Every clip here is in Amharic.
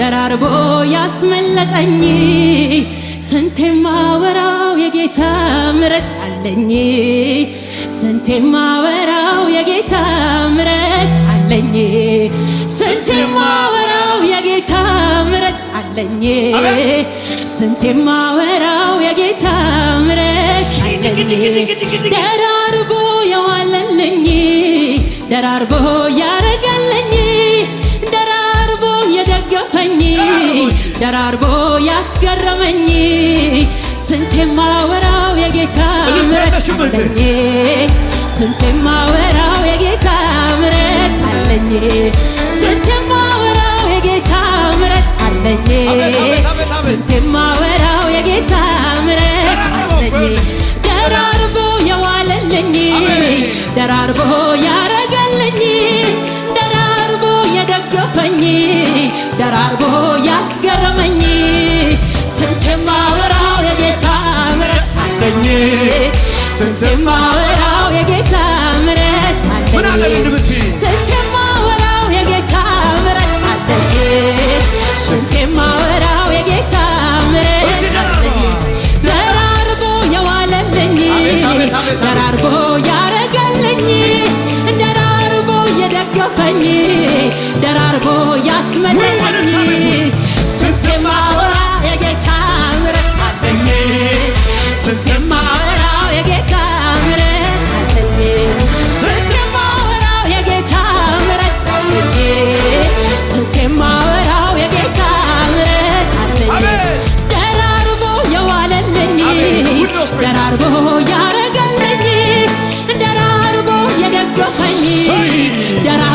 ደራርቦ ያስመለጠኝ ስንቴ ማወራው የጌታ ምረት አለኝ ስንቴ ማወራው የጌታ ምረት አለኝ ስንቴ ማወራው የጌታ ምረት አለኝ ስንቴ ማወራው የጌታ ምረት አለኝ ደራርቦ የዋለልኝ ደራርቦ ያረ ደራርቦ ያስገረመኝ ስንቴ ማወራው የጌታ ምረት አለኝ ስንቴ ማወራው የጌታ ምረት አለኝ ስንቴ ማወራው የጌታ ምረት አለኝ ስንቴ ማወራው የጌታ ምረት አለኝ ደራርቦ የዋለልኝ ደራርቦ ያረገልኝ ደራርቦ የደገፈኝ ደራርቦ አስገረመኝ ስንት ማወራው የጌታ ምረት አለኝ ስንት ማወራው የጌታ ምረት አለኝ ስንት ማወራው የጌታ ምረት አለኝ ስንት ማወራው የጌታ ምረት አለኝ ደራርቦ የዋለልኝ ደራርቦ ያረገልኝ ደራርቦ የደገፈኝ ደራርቦ ያስመለኝ darah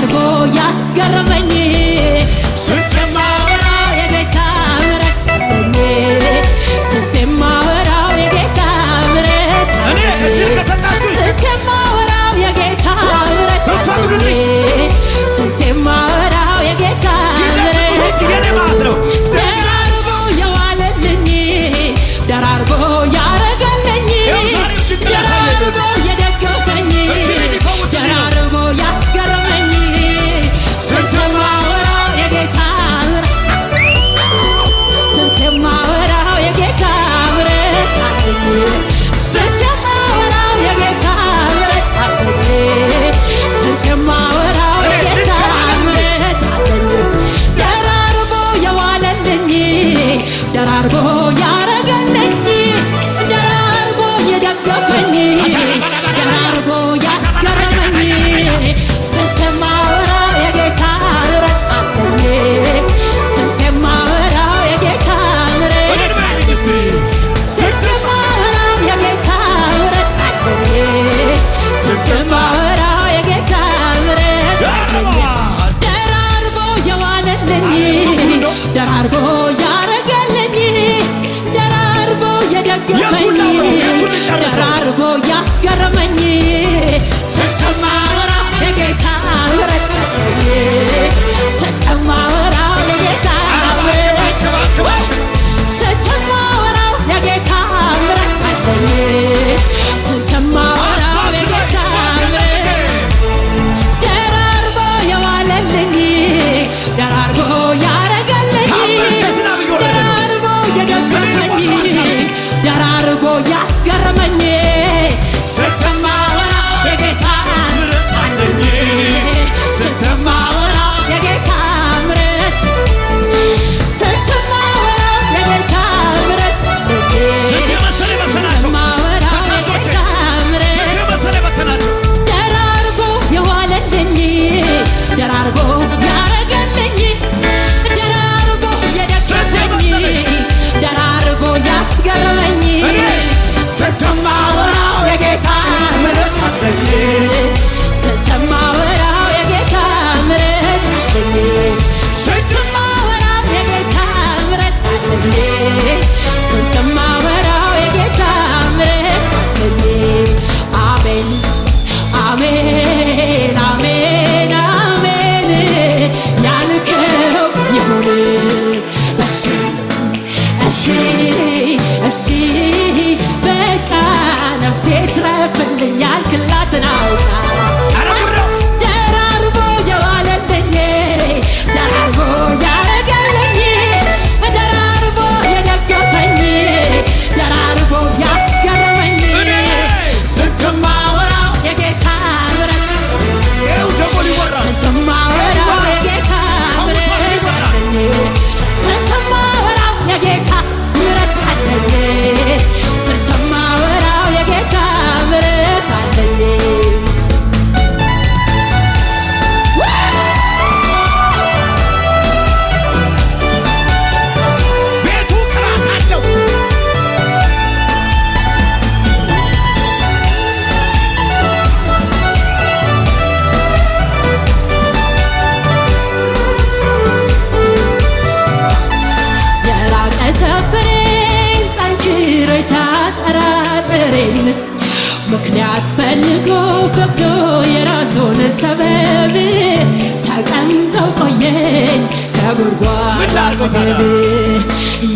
that I'd have opened ምክንያት ፈልጎ ፈቅዶ የራሱን ሰበብ ተቀምጠው ቆየኝ ከጉድጓድ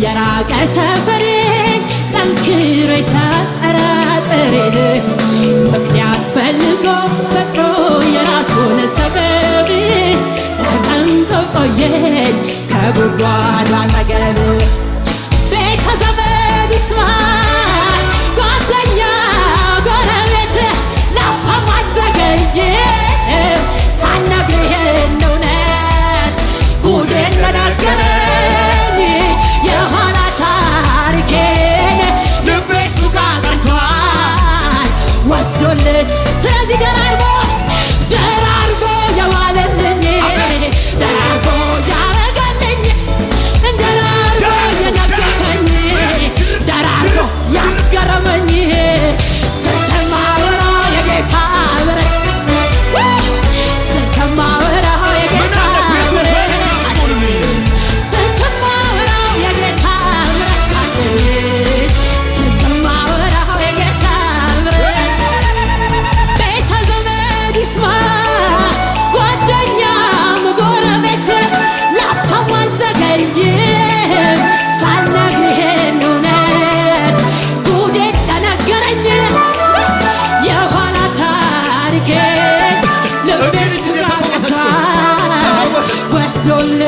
የራቀ ሰፈሬን ጠንክሮ የተጠራጠሬን ምክንያት ፈልጎ ፈቅዶ የራሱን ሰበብ ተቀምጠው ቆየኝ ከጉድጓድ አጠገብ ቤተ ዘመድ ይስማ don't